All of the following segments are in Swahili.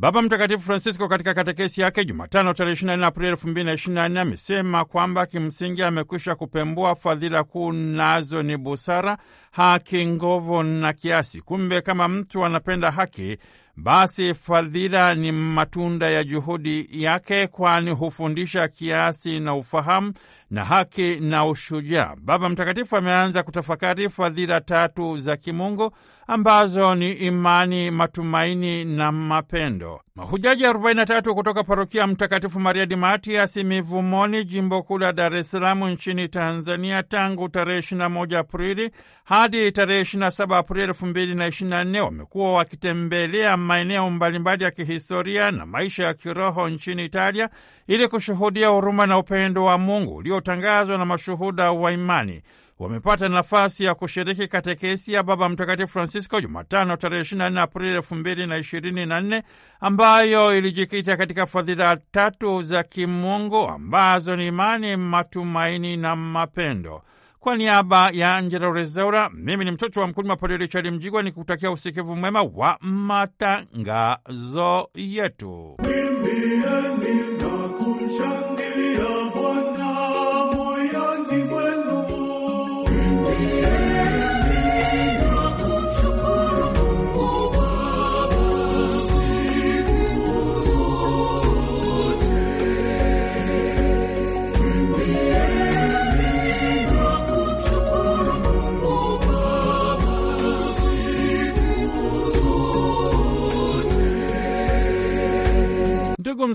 Baba Mtakatifu Francisco katika katekesi yake Jumatano tarehe 24 Aprili 2024 amesema kwamba kimsingi amekwisha kupembua fadhila kuu, nazo ni busara, haki, nguvu na kiasi. Kumbe kama mtu anapenda haki, basi fadhila ni matunda ya juhudi yake, kwani hufundisha kiasi na ufahamu na haki na ushujaa. Baba Mtakatifu ameanza kutafakari fadhila tatu za kimungu ambazo ni imani, matumaini na mapendo. Mahujaji 43 kutoka parokia Mtakatifu Maria di Matias Mivumoni, jimbo kuu la Dar es Salamu nchini Tanzania, tangu tarehe 21 Aprili hadi tarehe 27 Aprili 2024 wamekuwa wakitembelea maeneo mbalimbali ya kihistoria na maisha ya kiroho nchini Italia ili kushuhudia huruma na upendo wa Mungu uliotangazwa na mashuhuda wa imani wamepata nafasi ya kushiriki katekesi ya Baba Mtakatifu Francisco Jumatano tarehe 24 Aprili elfu ambayo ilijikita katika fadhila tatu za kimungu ambazo ni imani, matumaini na mapendo. Kwa niaba ya Angela Rezaura, mimi ni mtoto wa mkulima Padre Richard Mjigwa, ni kutakia usikivu mwema wa matangazo yetu.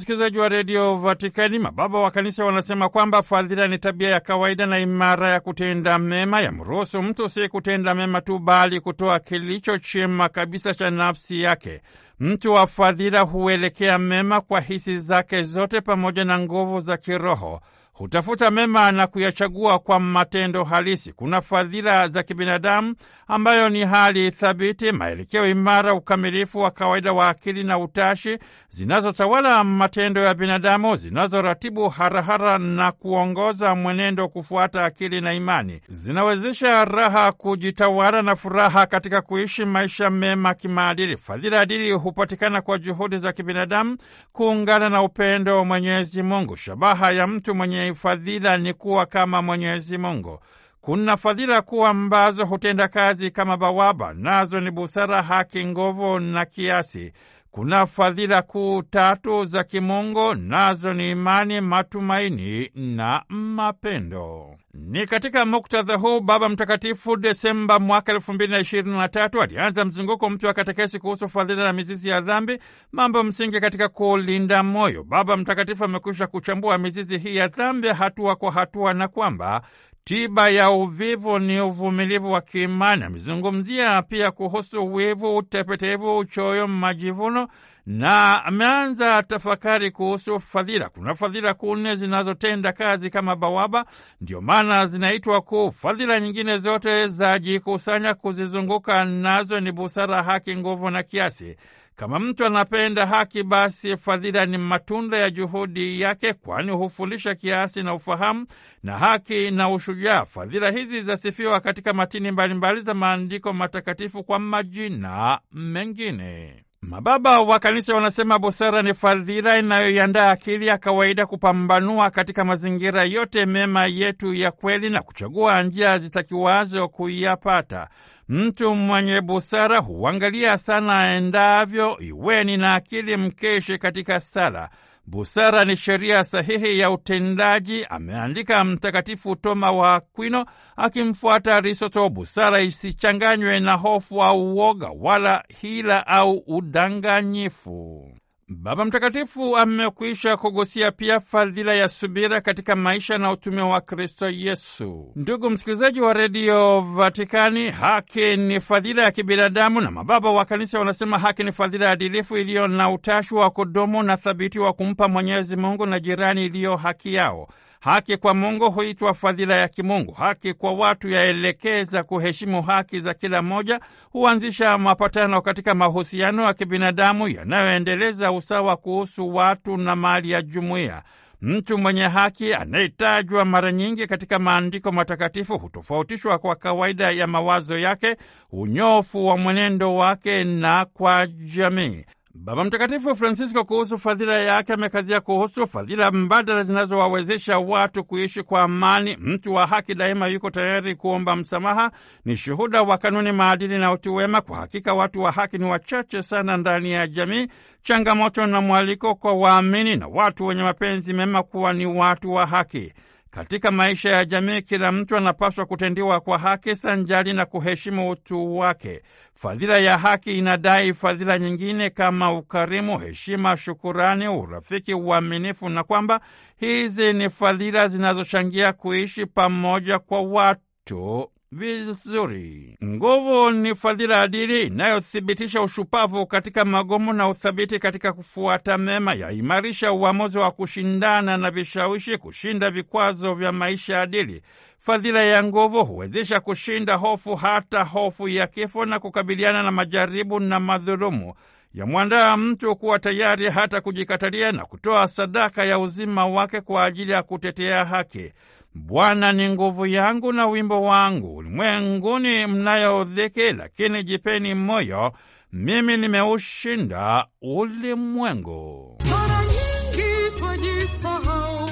msikilizaji wa redio Vatikani, mababa wa kanisa wanasema kwamba fadhila ni tabia ya kawaida na imara ya kutenda mema, ya mruhusu mtu si kutenda mema tu, bali kutoa kilicho chema kabisa cha nafsi yake. Mtu wa fadhila huelekea mema kwa hisi zake zote pamoja na nguvu za kiroho hutafuta mema na kuyachagua kwa matendo halisi. Kuna fadhila za kibinadamu ambayo ni hali thabiti, maelekeo imara, ukamilifu wa kawaida wa akili na utashi, zinazotawala matendo ya binadamu, zinazoratibu harahara na kuongoza mwenendo kufuata akili na imani, zinawezesha raha kujitawala na furaha katika kuishi maisha mema kimaadili. Fadhila adili hupatikana kwa juhudi za kibinadamu kuungana na upendo wa Mwenyezi Mungu. Shabaha ya mtu mwenye fadhila ni kuwa kama Mwenyezi Mungu. Kuna fadhila kuu ambazo hutenda kazi kama bawaba, nazo ni busara, haki, nguvu na kiasi. Kuna fadhila kuu tatu za kimungu, nazo ni imani, matumaini na mapendo. Ni katika muktadha huu Baba Mtakatifu Desemba mwaka elfu mbili na ishirini na tatu alianza mzunguko mpya wa katekesi kuhusu fadhila na mizizi ya dhambi, mambo msingi katika kulinda moyo. Baba Mtakatifu amekwisha kuchambua mizizi hii ya dhambi hatua kwa hatua, na kwamba Tiba ya uvivu ni uvumilivu wa kiimani. Amezungumzia pia kuhusu wivu, utepetevu, uchoyo, majivuno na ameanza tafakari kuhusu fadhila. Kuna fadhila kuu nne zinazotenda kazi kama bawaba, ndio maana zinaitwa kuu. Fadhila nyingine zote zajikusanya, kuzizunguka nazo ni busara, haki, nguvu na kiasi. Kama mtu anapenda haki, basi fadhila ni matunda ya juhudi yake, kwani hufundisha kiasi na ufahamu na haki na ushujaa. Fadhila hizi zasifiwa katika matini mbalimbali za maandiko matakatifu kwa majina mengine. Mababa wa Kanisa wanasema busara ni fadhila inayoiandaa akili ya kawaida kupambanua katika mazingira yote mema yetu ya kweli na kuchagua njia zitakiwazo kuyapata. Mtu mwenye busara huangalia sana aendavyo. Iweni na akili mkeshi katika sala. Busara ni sheria sahihi ya utendaji, ameandika Mtakatifu Toma wa Akwino akimfuata Aristoto. Busara isichanganywe na hofu au uoga, wala hila au udanganyifu. Baba Mtakatifu amekwisha kugusia pia fadhila ya subira katika maisha na utume wa Kristo Yesu. Ndugu msikilizaji wa redio Vatikani, haki ni fadhila ya kibinadamu, na mababa wa kanisa wanasema haki ni fadhila ya adilifu iliyo na utashi wa kudumu na thabiti wa kumpa Mwenyezi Mungu na jirani iliyo haki yao. Haki kwa Mungu huitwa fadhila ya kimungu. Haki kwa watu yaelekeza kuheshimu haki za kila mmoja, huanzisha mapatano katika mahusiano ya kibinadamu yanayoendeleza usawa kuhusu watu na mali ya jumuiya. Mtu mwenye haki anayetajwa mara nyingi katika maandiko matakatifu hutofautishwa kwa kawaida ya mawazo yake, unyofu wa mwenendo wake na kwa jamii. Baba Mtakatifu Francisco kuhusu fadhila yake amekazia kuhusu fadhila mbadala zinazowawezesha watu kuishi kwa amani. Mtu wa haki daima yuko tayari kuomba msamaha, ni shuhuda wa kanuni, maadili na utu wema. Kwa hakika watu wa haki ni wachache sana ndani ya jamii. Changamoto na mwaliko kwa waamini na watu wenye mapenzi mema kuwa ni watu wa haki. Katika maisha ya jamii, kila mtu anapaswa kutendiwa kwa haki sanjali na kuheshimu utu wake. Fadhila ya haki inadai fadhila nyingine kama ukarimu, heshima, shukurani, urafiki, uaminifu, na kwamba hizi ni fadhila zinazochangia kuishi pamoja kwa watu vizuri. Nguvu ni fadhila adili inayothibitisha ushupavu katika magomo na uthabiti katika kufuata mema. Yaimarisha uamuzi wa kushindana na vishawishi, kushinda vikwazo vya maisha adili. Fadhila ya nguvu huwezesha kushinda hofu, hata hofu ya kifo, na kukabiliana na majaribu na madhulumu. Yamwandaa mtu kuwa tayari hata kujikatalia na kutoa sadaka ya uzima wake kwa ajili ya kutetea haki. Bwana ni nguvu yangu na wimbo wangu, ulimwenguni mnayoudhiki, lakini jipeni moyo, mimi nimeushinda ulimwengu. Mara nyingi twajisahau,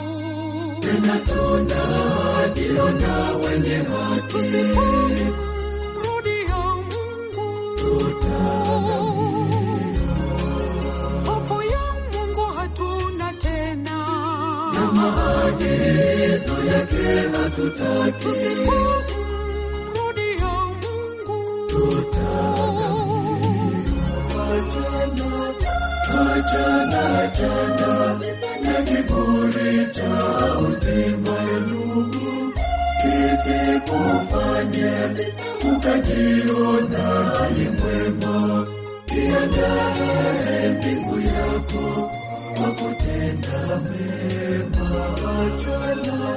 tena tunajiona wenye haki, maagizo yake hatutaki, tusipomrudia Mungu tutadhaliwa. Achana chana na kiburi cha uzima mbingu yako Tunapotenda mema, achana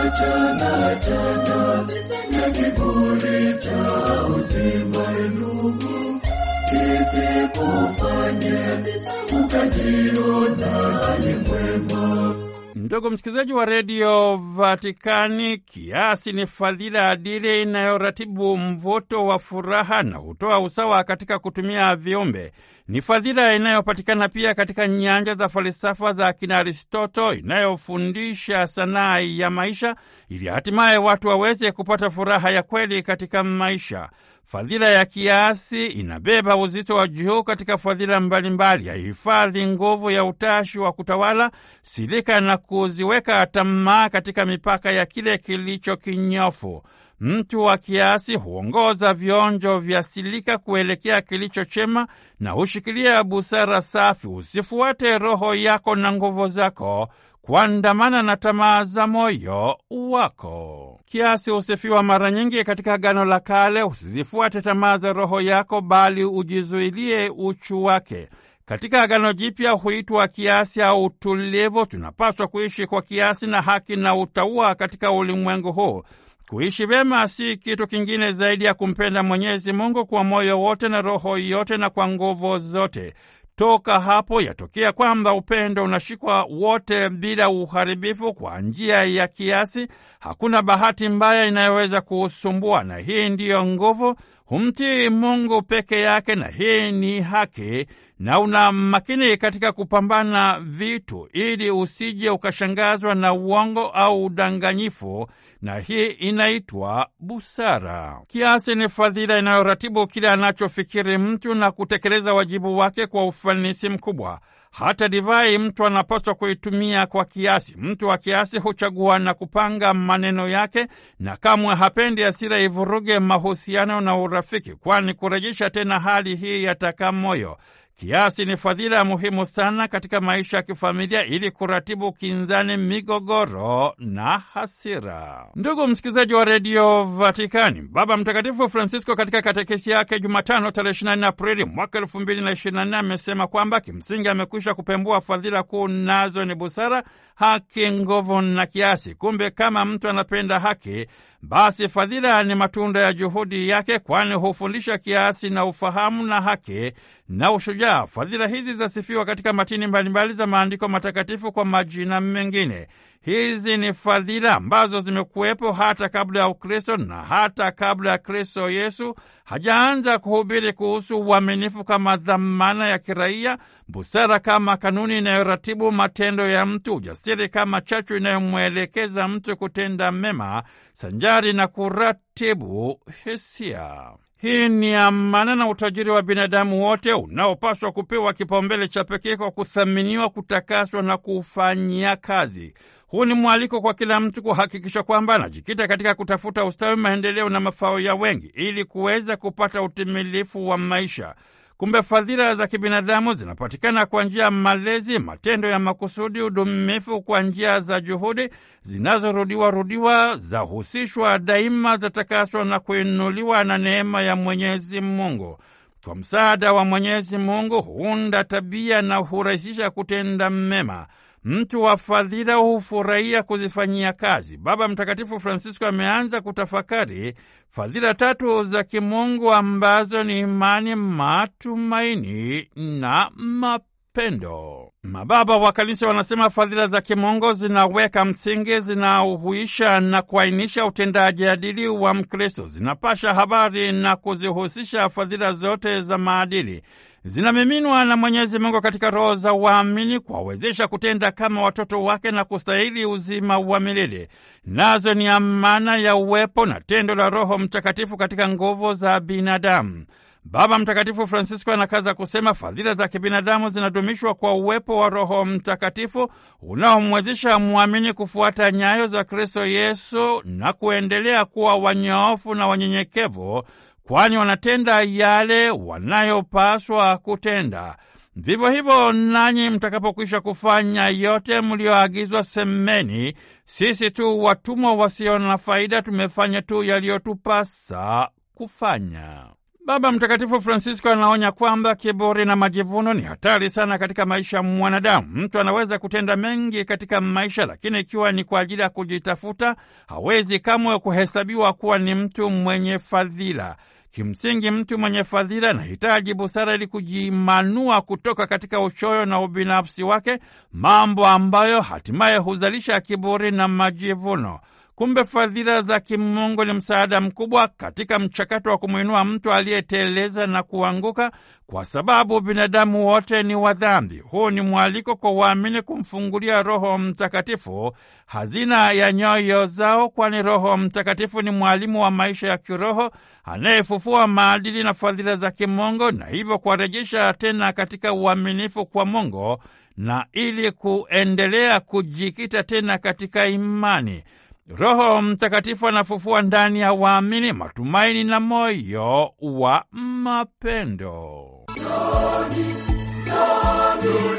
achana achana na kiburi cha uzima, ndugu, kisikufanye ukajiona ali mwema. Ndugu msikilizaji wa redio Vatikani, kiasi ni fadhila adili inayoratibu mvuto wa furaha na hutoa usawa katika kutumia viumbe. Ni fadhila inayopatikana pia katika nyanja za falsafa za akina Aristoto, inayofundisha sanaa ya maisha ili hatimaye watu waweze kupata furaha ya kweli katika maisha. Fadhila ya kiasi inabeba uzito wa juu katika fadhila mbalimbali, yahifadhi nguvu ya utashi wa kutawala, silika na kuziweka tamaa katika mipaka ya kile kilicho kinyofu. Mtu wa kiasi huongoza vionjo vya silika kuelekea kilicho chema na hushikilia busara safi. Usifuate roho yako na nguvu zako kuandamana na tamaa za moyo wako. Kiasi husifiwa mara nyingi katika Agano la Kale: usizifuate tamaa za roho yako, bali ujizuilie uchu wake. Katika Agano Jipya huitwa kiasi au utulivu. Tunapaswa kuishi kwa kiasi na haki na utauwa katika ulimwengu huu. Kuishi vyema si kitu kingine zaidi ya kumpenda Mwenyezi Mungu kwa moyo wote na roho yote na kwa nguvu zote. Toka hapo yatokea kwamba upendo unashikwa wote bila uharibifu, kwa njia ya kiasi. Hakuna bahati mbaya inayoweza kuusumbua, na hii ndiyo nguvu. Humtii Mungu peke yake, na hii ni haki, na una makini katika kupambana vitu, ili usije ukashangazwa na uongo au udanganyifu na hii inaitwa busara. Kiasi ni fadhila inayoratibu kile anachofikiri mtu na kutekeleza wajibu wake kwa ufanisi mkubwa. Hata divai mtu anapaswa kuitumia kwa kiasi. Mtu wa kiasi huchagua na kupanga maneno yake, na kamwe hapendi asira ivuruge mahusiano na urafiki, kwani kurejesha tena hali hii yataka moyo. Kiasi ni fadhila muhimu sana katika maisha ya kifamilia ili kuratibu kinzani, migogoro na hasira. Ndugu msikilizaji wa redio Vatikani, Baba Mtakatifu Francisco katika katekesi yake Jumatano tarehe 24 Aprili mwaka 2024 amesema kwamba kimsingi amekwisha kupembua fadhila kuu, nazo ni busara, haki, nguvu na kiasi. Kumbe kama mtu anapenda haki basi fadhila ni matunda ya juhudi yake, kwani hufundisha kiasi na ufahamu na haki na ushujaa. Fadhila hizi zasifiwa katika matini mbalimbali za maandiko matakatifu kwa majina mengine. Hizi ni fadhila ambazo zimekuwepo hata kabla ya Ukristo na hata kabla ya Kristo Yesu hajaanza kuhubiri kuhusu uaminifu kama dhamana ya kiraia, busara kama kanuni inayoratibu matendo ya mtu, ujasiri kama chachu inayomwelekeza mtu kutenda mema sanjari na kuratibu hisia. Hii ni amana na utajiri wa binadamu wote unaopaswa kupewa kipaumbele cha pekee kwa kuthaminiwa, kutakaswa na kufanyia kazi. Huu ni mwaliko kwa kila mtu kuhakikisha kwamba anajikita katika kutafuta ustawi, maendeleo na mafao ya wengi ili kuweza kupata utimilifu wa maisha. Kumbe fadhila za kibinadamu zinapatikana kwa njia ya malezi, matendo ya makusudi, udumifu kwa njia za juhudi zinazorudiwa rudiwa, zahusishwa daima, zatakaswa na kuinuliwa na neema ya Mwenyezi Mungu. Kwa msaada wa Mwenyezi Mungu huunda tabia na hurahisisha kutenda mema mtu wa fadhila hufurahia kuzifanyia kazi. Baba Mtakatifu Francisco ameanza kutafakari fadhila tatu za kimungu ambazo ni imani, matumaini na mapendo. Mababa wa Kanisa wanasema fadhila za kimungu zinaweka msingi, zinahuisha na kuainisha utendaji adili wa Mkristo, zinapasha habari na kuzihusisha fadhila zote za maadili zinamiminwa na Mwenyezi Mungu katika roho za waamini kuwawezesha kutenda kama watoto wake na kustahili uzima wa milele. Nazo ni amana ya uwepo na tendo la Roho Mtakatifu katika nguvu za binadamu. Baba Mtakatifu Francisco anakaza kusema fadhila za kibinadamu zinadumishwa kwa uwepo wa Roho Mtakatifu unaomwezesha mwamini kufuata nyayo za Kristo Yesu na kuendelea kuwa wanyoofu na wanyenyekevu kwani wanatenda yale wanayopaswa kutenda. Vivyo hivyo nanyi mtakapokwisha kufanya yote mliyoagizwa, semeni, sisi tu watumwa wasio na faida, tumefanya tu yaliyotupasa kufanya. Baba Mtakatifu Francisco anaonya kwamba kiburi na majivuno ni hatari sana katika maisha ya mwanadamu. Mtu anaweza kutenda mengi katika maisha, lakini ikiwa ni kwa ajili ya kujitafuta, hawezi kamwe kuhesabiwa kuwa ni mtu mwenye fadhila. Kimsingi, mtu mwenye fadhila anahitaji busara ili kujimanua kutoka katika uchoyo na ubinafsi wake, mambo ambayo hatimaye huzalisha kiburi na majivuno. Kumbe fadhila za kimungu ni msaada mkubwa katika mchakato wa kumwinua mtu aliyeteleza na kuanguka, kwa sababu binadamu wote ni wadhambi. Huu ni mwaliko kwa waamini kumfungulia Roho Mtakatifu hazina ya nyoyo zao, kwani Roho Mtakatifu ni mwalimu wa maisha ya kiroho anayefufua maadili na fadhila za kimungu na hivyo kuwarejesha tena katika uaminifu kwa Mungu na ili kuendelea kujikita tena katika imani. Roho Mtakatifu anafufua ndani ya waamini matumaini na moyo wa mapendo. Joni, joni.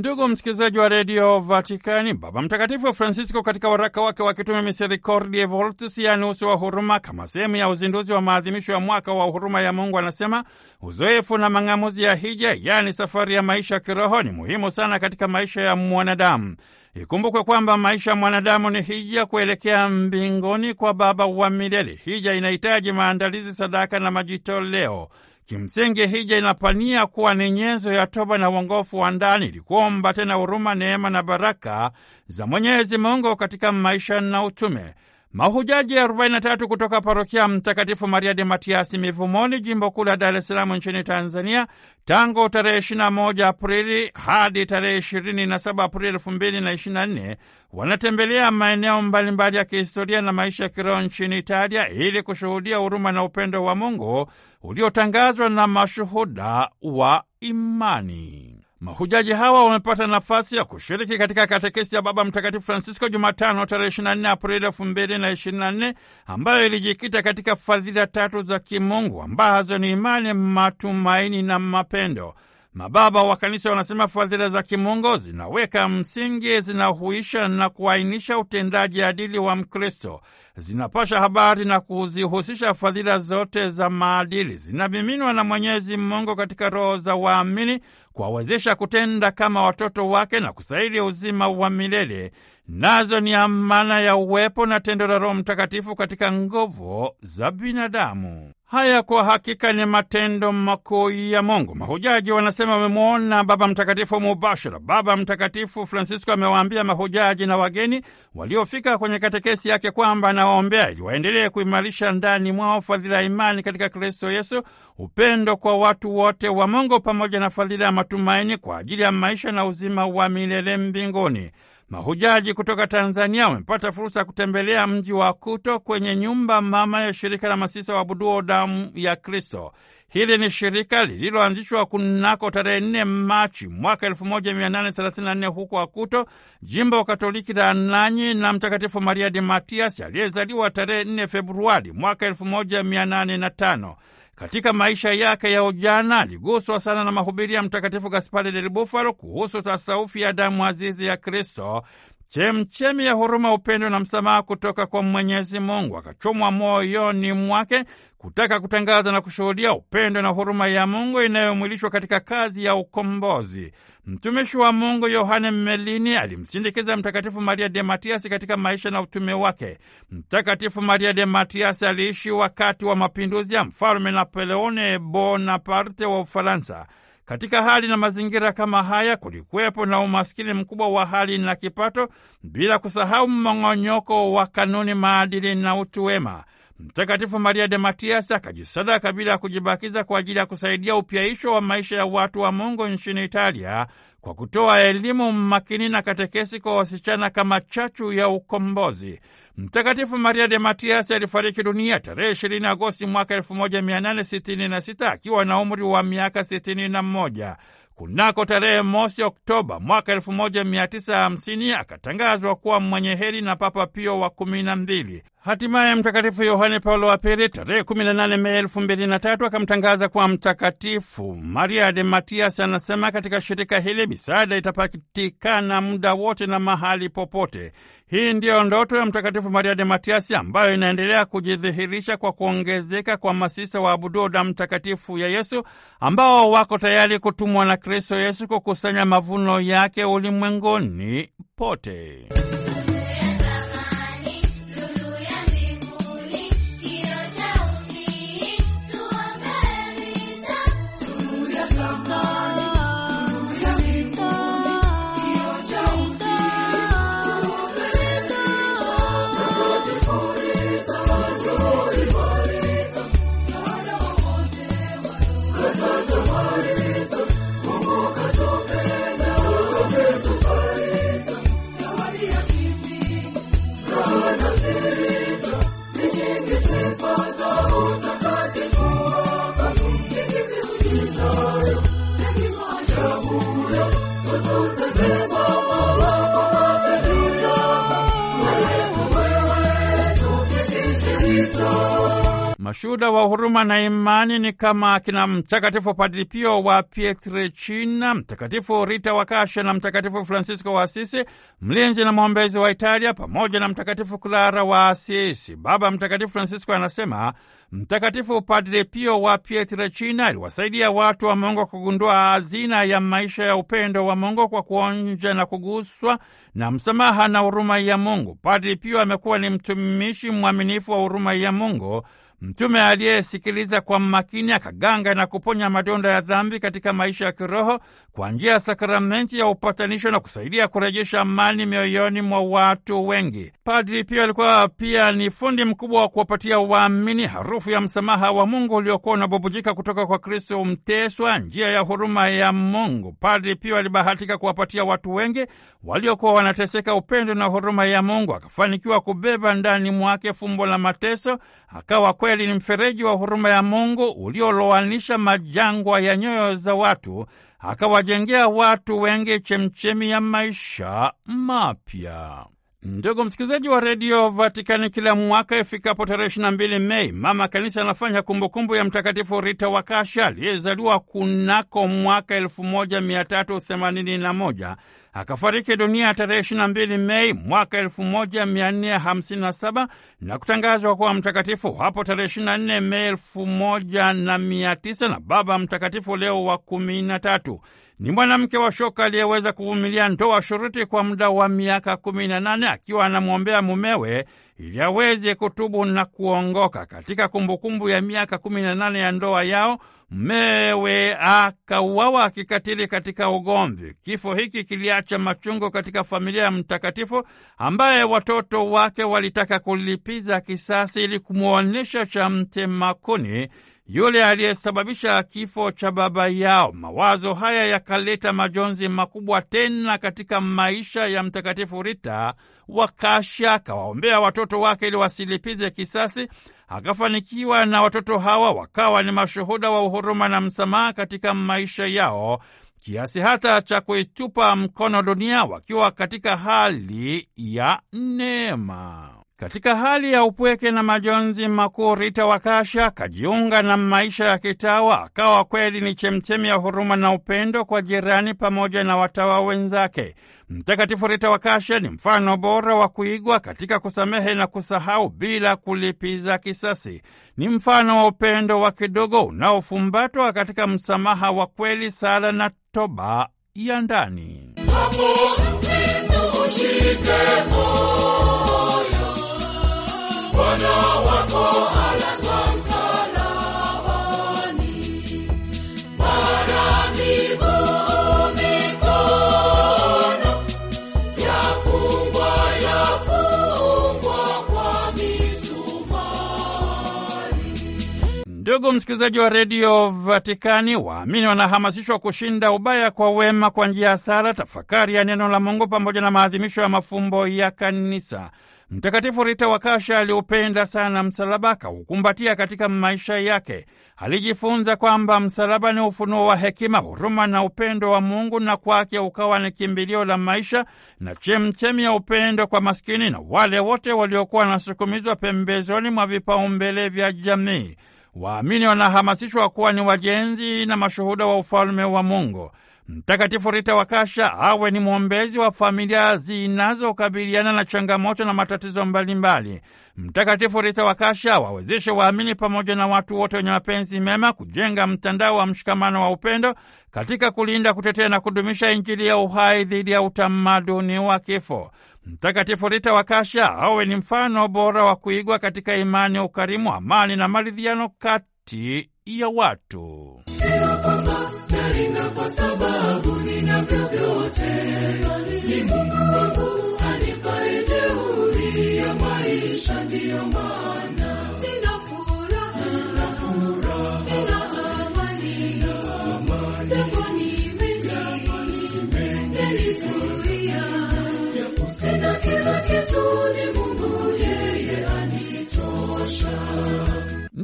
Ndugu msikilizaji wa redio Vatikani, Baba Mtakatifu Francisco katika waraka wake wa kitume Misericordiae Voltus, yaani uso wa huruma, kama sehemu ya uzinduzi wa maadhimisho ya mwaka wa huruma ya Mungu, anasema uzoefu na mang'amuzi ya hija, yaani safari ya maisha ya kiroho, ni muhimu sana katika maisha ya mwanadamu. Ikumbukwe kwamba maisha ya mwanadamu ni hija kuelekea mbingoni kwa Baba wa milele. Hija inahitaji maandalizi, sadaka na majitoleo. Kimsingi, hija inapania kuwa ni nyenzo ya toba na uongofu wa ndani, ili kuomba tena huruma, neema na baraka za Mwenyezi Mungu katika maisha na utume. Mahujaji 43 kutoka parokia Mtakatifu Maria de Matiasi Mivumoni, jimbo kuu la Dar es Salaam nchini Tanzania, tangu tarehe 21 Aprili hadi tarehe 27 Aprili 2024 wanatembelea maeneo mbalimbali ya kihistoria na maisha ya kiroho nchini Italia ili kushuhudia huruma na upendo wa Mungu uliotangazwa na mashuhuda wa imani. Mahujaji hawa wamepata nafasi ya kushiriki katika katekesi ya Baba Mtakatifu Francisco Jumatano tarehe 24 Aprili 2024 ambayo ilijikita katika fadhila tatu za kimungu ambazo ni imani, matumaini na mapendo. Mababa wa Kanisa wanasema fadhila za kimungu zinaweka msingi, zinahuisha na kuainisha utendaji adili wa Mkristo, zinapasha habari na kuzihusisha fadhila zote za maadili, zinamiminwa na Mwenyezi Mungu katika roho za waamini kuwawezesha kutenda kama watoto wake na kustahili uzima wa milele. Nazo ni amana ya uwepo na tendo la Roho Mtakatifu katika nguvu za binadamu. Haya kwa hakika ni matendo makuu ya Mungu. Mahujaji wanasema wamemwona Baba Mtakatifu mubashara. Baba Mtakatifu Francisco amewaambia mahujaji na wageni waliofika kwenye katekesi yake kwamba anawaombea ili waendelee kuimarisha ndani mwao fadhila ya imani katika Kristo Yesu, upendo kwa watu wote wa Mungu, pamoja na fadhila ya matumaini kwa ajili ya maisha na uzima wa milele mbinguni. Mahujaji kutoka Tanzania wamepata fursa ya kutembelea mji wa Kuto kwenye nyumba mama ya shirika la masisa wa buduo damu ya Kristo. Hili ni shirika lililoanzishwa kunako tarehe 4 Machi mwaka 1834 huko Akuto, jimbo Katoliki la Nanyi, na Mtakatifu Maria de Matias aliyezaliwa tarehe 4 Februari mwaka 1805. Katika maisha yake ya ujana aliguswa sana na mahubiri ya Mtakatifu Gaspari del Bufalo kuhusu tasaufi ya damu azizi ya Kristo chemchemi ya huruma, upendo na msamaha kutoka kwa Mwenyezi Mungu. Akachomwa moyoni mwake kutaka kutangaza na kushuhudia upendo na huruma ya Mungu inayomwilishwa katika kazi ya ukombozi. Mtumishi wa Mungu Yohane Melini alimsindikiza Mtakatifu Maria de Matiasi katika maisha na utume wake. Mtakatifu Maria de Matiasi aliishi wakati wa mapinduzi ya Mfalme Napoleone Bonaparte wa Ufaransa. Katika hali na mazingira kama haya, kulikuwepo na umaskini mkubwa wa hali na kipato, bila kusahau mmong'onyoko wa kanuni, maadili na utu wema. Mtakatifu Maria de Matias akajisadaka bila ya kujibakiza kwa ajili ya kusaidia upyaisho wa maisha ya watu wa Mungu nchini Italia kwa kutoa elimu makini na katekesi kwa wasichana kama chachu ya ukombozi. Mtakatifu Maria de Matiasi alifariki dunia tarehe 20 Agosti mwaka 1866 akiwa na umri wa miaka 61. Kunako tarehe mosi Oktoba mwaka 1950 akatangazwa kuwa mwenye heri na Papa Pio wa kumi na mbili. Hatimaye Mtakatifu Yohane Paulo wa Pili tarehe 18 Mei 2003 akamtangaza kuwa mtakatifu. Maria de Matias anasema katika shirika hili misaada itapatikana muda wote na mahali popote. Hii ndiyo ndoto ya Mtakatifu Maria de Matias ambayo inaendelea kujidhihirisha kwa kuongezeka kwa masista wa abudu damu takatifu ya Yesu ambao wako tayari kutumwa na Kristo Yesu kukusanya mavuno yake ulimwenguni pote. huruma na imani ni kama akina Mtakatifu Padri Pio wa Pietrelcina, Mtakatifu Rita wa Kasha na Mtakatifu Francisco wa Asisi, mlinzi na mwombezi wa Italia, pamoja na Mtakatifu Klara wa Asisi. Baba Mtakatifu Francisco anasema Mtakatifu Padre Pio wa Pietrelcina aliwasaidia watu wa Mungu kugundua hazina ya maisha ya upendo wa Mungu kwa kuonja na kuguswa na msamaha na huruma ya Mungu. Padre Pio amekuwa ni mtumishi mwaminifu wa huruma ya Mungu Mtume aliyesikiliza kwa makini akaganga na kuponya madonda ya dhambi katika maisha ya kiroho kwa njia ya sakramenti ya upatanisho na kusaidia kurejesha amani mioyoni mwa watu wengi. Padri Pio alikuwa pia ni fundi mkubwa wa kuwapatia waamini harufu ya msamaha wa Mungu uliokuwa unabubujika kutoka kwa Kristo mteswa, njia ya huruma ya Mungu. Padri Pio alibahatika kuwapatia watu wengi waliokuwa wanateseka upendo na huruma ya Mungu, akafanikiwa kubeba ndani mwake fumbo la mateso, akawa kweli ni mfereji wa huruma ya Mungu ulioloanisha majangwa ya nyoyo za watu akawajengea watu wengi chemchemi ya maisha mapya. Ndugu msikilizaji wa redio Vatikani, kila mwaka ifikapo tarehe 22 Mei, mama kanisa anafanya kumbukumbu ya Mtakatifu Rita wa Kasha aliyezaliwa kunako mwaka 1381 akafariki dunia tarehe mbili Mei mwaka 1457 na kutangazwa kuwa mtakatifu hapo tarehe 24 Mei moja na Baba Mtakatifu Leo wa tatu. Ni mwanamke wa shoka aliyeweza kuvumilia ndoa shuruti kwa muda wa miaka kumi na nane akiwa anamwombea mumewe ili aweze kutubu na kuongoka. Katika kumbukumbu ya miaka kumi na nane ya ndoa yao, mmewe akauawa akikatili katika ugomvi. Kifo hiki kiliacha machungo katika familia ya mtakatifu ambaye watoto wake walitaka kulipiza kisasi ili kumwonyesha cha mtemakuni yule aliyesababisha kifo cha baba yao. Mawazo haya yakaleta majonzi makubwa tena katika maisha ya Mtakatifu Rita wa Kasha. Akawaombea watoto wake ili wasilipize kisasi, akafanikiwa, na watoto hawa wakawa ni mashuhuda wa uhuruma na msamaha katika maisha yao, kiasi hata cha kuitupa mkono dunia wakiwa katika hali ya neema. Katika hali ya upweke na majonzi makuu, Rita Wakasha akajiunga na maisha ya kitawa, akawa kweli ni chemchemi ya huruma na upendo kwa jirani pamoja na watawa wenzake. Mtakatifu Rita Wakasha ni mfano bora wa kuigwa katika kusamehe na kusahau bila kulipiza kisasi. Ni mfano wa upendo wa kidogo unaofumbatwa katika msamaha wa kweli, sala na toba ya ndani. Ndugu msikilizaji wa redio Vatikani, waamini wanahamasishwa kushinda ubaya kwa wema kwa njia ya sala, tafakari ya neno la Mungu pamoja na maadhimisho ya mafumbo ya Kanisa. Mtakatifu Rita wa Kasha aliupenda sana msalaba, kaukumbatia katika maisha yake. Alijifunza kwamba msalaba ni ufunuo wa hekima, huruma na upendo wa Mungu, na kwake ukawa ni kimbilio la maisha na chemchemi ya upendo kwa maskini na wale wote waliokuwa wanasukumizwa pembezoni mwa vipaumbele vya jamii. Waamini wanahamasishwa kuwa ni wajenzi na mashuhuda wa ufalme wa Mungu. Mtakatifu Rita wa Kasha awe ni mwombezi wa familia zinazokabiliana na changamoto na matatizo mbalimbali. Mtakatifu Rita wa Kasha wawezeshe waamini pamoja na watu wote wenye mapenzi mema kujenga mtandao wa mshikamano wa upendo katika kulinda, kutetea na kudumisha Injili ya uhai dhidi ya utamaduni wa kifo. Mtakatifu Rita wa Kasha awe ni mfano bora wa kuigwa katika imani, ukarimu, amani na maridhiano kati ya watu. kwa sababu nina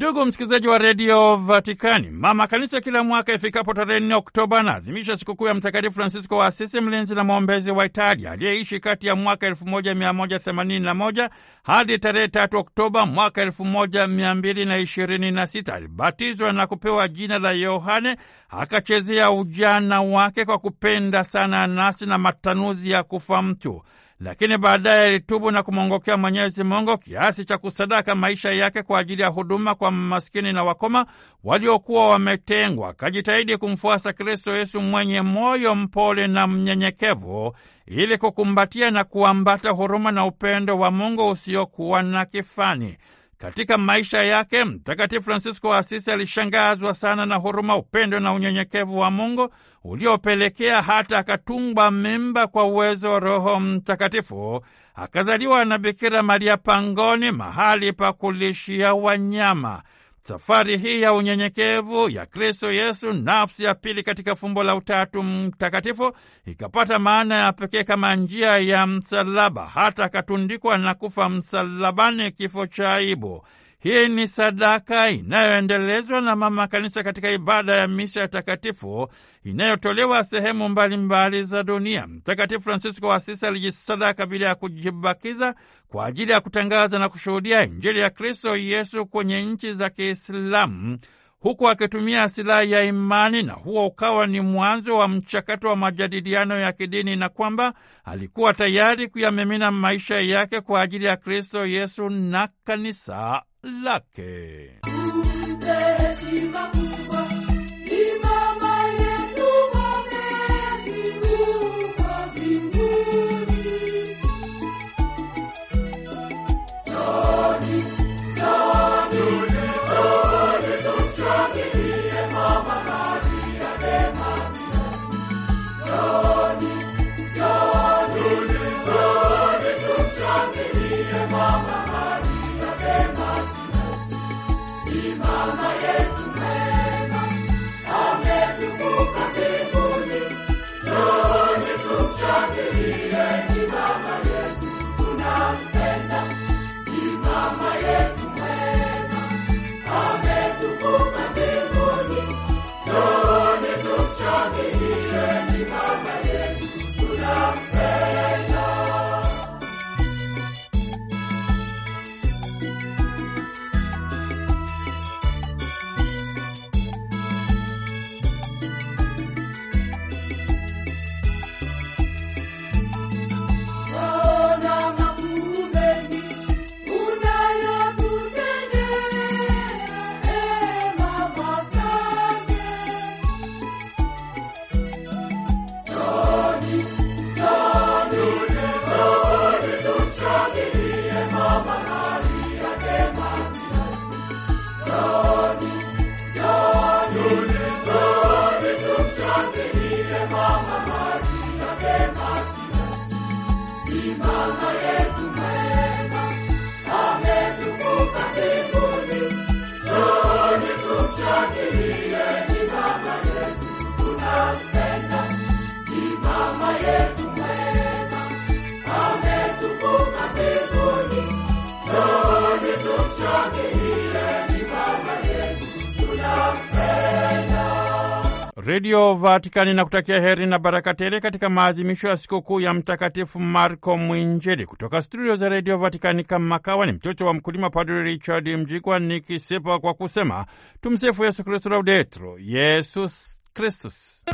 Ndugu msikilizaji wa redio Vatikani, mama kanisa kila mwaka ifikapo tarehe nne Oktoba anaadhimisha sikukuu ya Mtakatifu Francisco wa Asisi, mlinzi na mwombezi wa Italia, aliyeishi kati ya mwaka 1181 hadi tarehe tatu Oktoba mwaka 1226. Alibatizwa na kupewa jina la Yohane, akachezea ujana wake kwa kupenda sana anasi na matanuzi ya kufa mtu lakini baadaye alitubu na kumwongokea Mwenyezi Mungu kiasi cha kusadaka maisha yake kwa ajili ya huduma kwa maskini na wakoma waliokuwa wametengwa. Akajitahidi kumfuasa Kristo Yesu mwenye moyo mpole na mnyenyekevu, ili kukumbatia na kuambata huruma na upendo wa Mungu usiokuwa na kifani. Katika maisha yake Mtakatifu Fransisko wa Asisi alishangazwa sana na huruma, upendo na unyenyekevu wa Mungu uliopelekea hata akatungwa mimba kwa uwezo wa Roho Mtakatifu, akazaliwa na Bikira Maria pangoni, mahali pa kulishia wanyama. Safari hii ya unyenyekevu ya Kristo Yesu, nafsi ya pili katika fumbo la Utatu Mtakatifu, ikapata maana ya pekee kama njia ya msalaba, hata akatundikwa na kufa msalabani kifo cha aibu. Hii ni sadaka inayoendelezwa na mama kanisa katika ibada ya misa ya takatifu inayotolewa sehemu mbalimbali za dunia. Mtakatifu Francisco wa Asisi alijisadaka bila ya kujibakiza kwa ajili ya kutangaza na kushuhudia Injili ya Kristo Yesu kwenye nchi za Kiislamu huku akitumia silaha ya imani na huo ukawa ni mwanzo wa mchakato wa majadiliano ya kidini, na kwamba alikuwa tayari kuyamimina maisha yake kwa ajili ya Kristo Yesu na kanisa la que... ni yetu Redio Vatikani na kutakia heri na baraka tele katika maadhimisho ya sikukuu ya Mtakatifu Marko Mwinjili. Kutoka studio za Redio Vatikani, kama kawa ni mtoto wa mkulima, Padre Richard Mjigwa nikisepa kwa kusema tumsifu Yesu Kristu, laudetro Yesus Kristus.